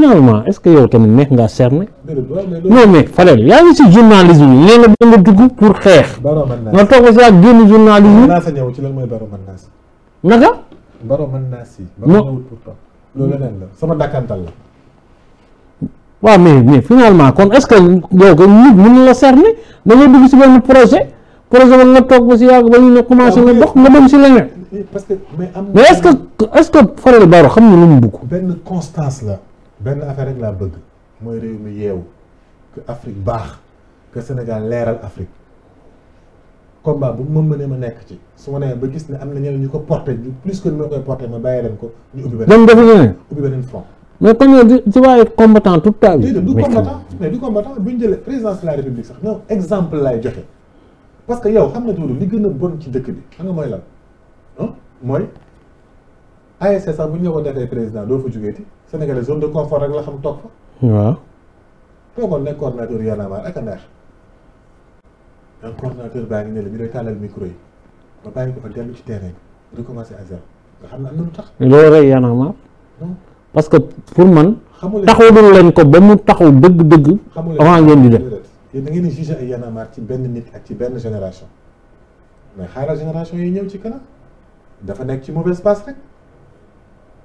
finalement est-ce que yow tamit neex ngaa cerner non mais Fadel yaa ngi si journalisme bi nee nga da nga dugg pour xeex nga toog ba si que yow ko nit mën la yàgg ba ñu ne commencé nga dox nga dem si leneen mais est-ce que est-ce xam na lu mu bëgg ben affaire rek laa bëgg moy réew mi yeewu que Afrique baax que Sénégal leeral Afrique combat bu mo mënee ma nek ci su ma nee ba gis ne am na ñeneen ñu ko porté ñu plus que ni koy porter ma bàyyi leen ko ñu ubi beneen. dem defi ubbi beneen front. mais comme yow di ci waaye combattant tout à fait. du combattant mais du combattant buñ jël présidence de la république sax ñoom exemple lay joxé parce que yow xam nga loolu li gëna a bon ci dëkk bi xam nga moy lan ah hein? moy ASC bu ñu ñëwoon defee président doo fa ti Sénégalais zone de confort rek la xam tok fa. waaw. toogoon nekk coordonnateur Y'en a ak a neex. coordinateur ba ngi ne la ñu lay tàllal micro yi ba bàyyi ko fa dem ci terrain du commencer à zéro nga xam ne am na lu tax. lo ray Y'en ma parce que pour man. taxaw du leen ko ba mu taxaw deug deug avant ngeen di def. yéen da ngeen ni juger ay ma ci ben nit ak ci ben génération mais xala génération yi ñëw ci kanam dafa nek ci mauvaise passe rek.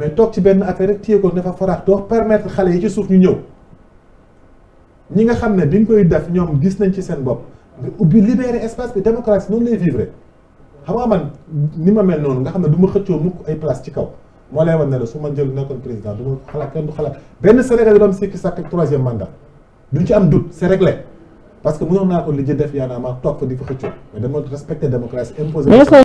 mais toog ci benn affaire rek téye ko dafa faraax doo permettre xale yi ci suuf ñu ñëw ñi nga xam ne bi ñu koy def ñoom gis nañ ci seen bopp nga ubbi libérer espace bi démocratie noonu lay vivre xam nga man ni ma mel noonu nga xam ne du ma xëccoo mukk ay place ci kaw moo lay wan ne la su ma jël nekkoon président du ma xalaat kenn du xalaat benn Sénégal yi doon sikki sàkk troisième mandat duñ ci am doute c'est parce que mënoon naa ko li def yaa